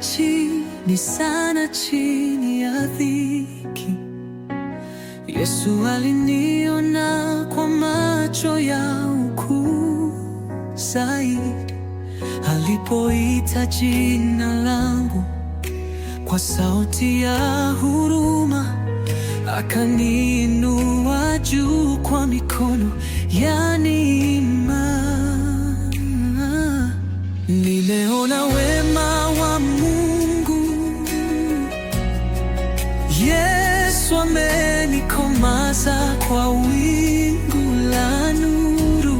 chini sana, chini ya dhiki. Yesu aliniona kwa macho ya ukuu zaidi, alipoita jina langu kwa sauti ya huruma, akaniinua juu kwa mikono ya yaani neema. Nimeona wewe Yesu amenikomaza kwa wingu la nuru,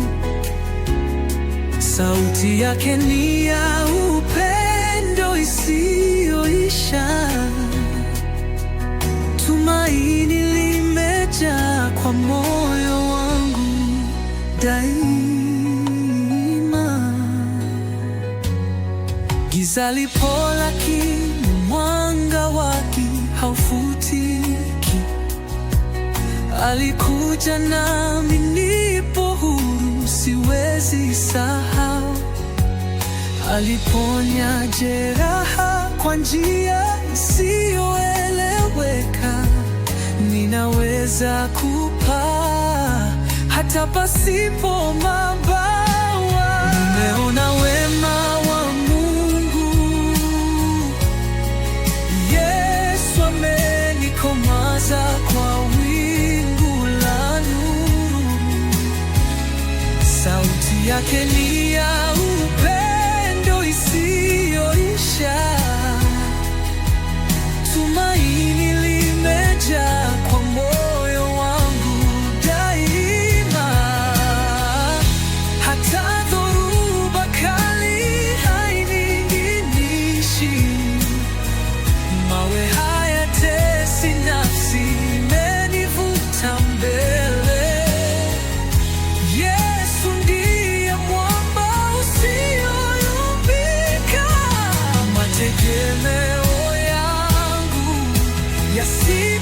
sauti yake ni ya upendo isiyoisha, tumaini limejaa kwa moyo wangu daima. Giza lipo, lakini mwanga wake haufuti alikuja nami nipo huru, siwezi sahau. Aliponya jeraha kwa njia isiyoeleweka. Ninaweza kupaa hata pasipo mabawa. Nimeona wema wa Mungu, Yesu amenikomaza kwa yake ni ya Yes. así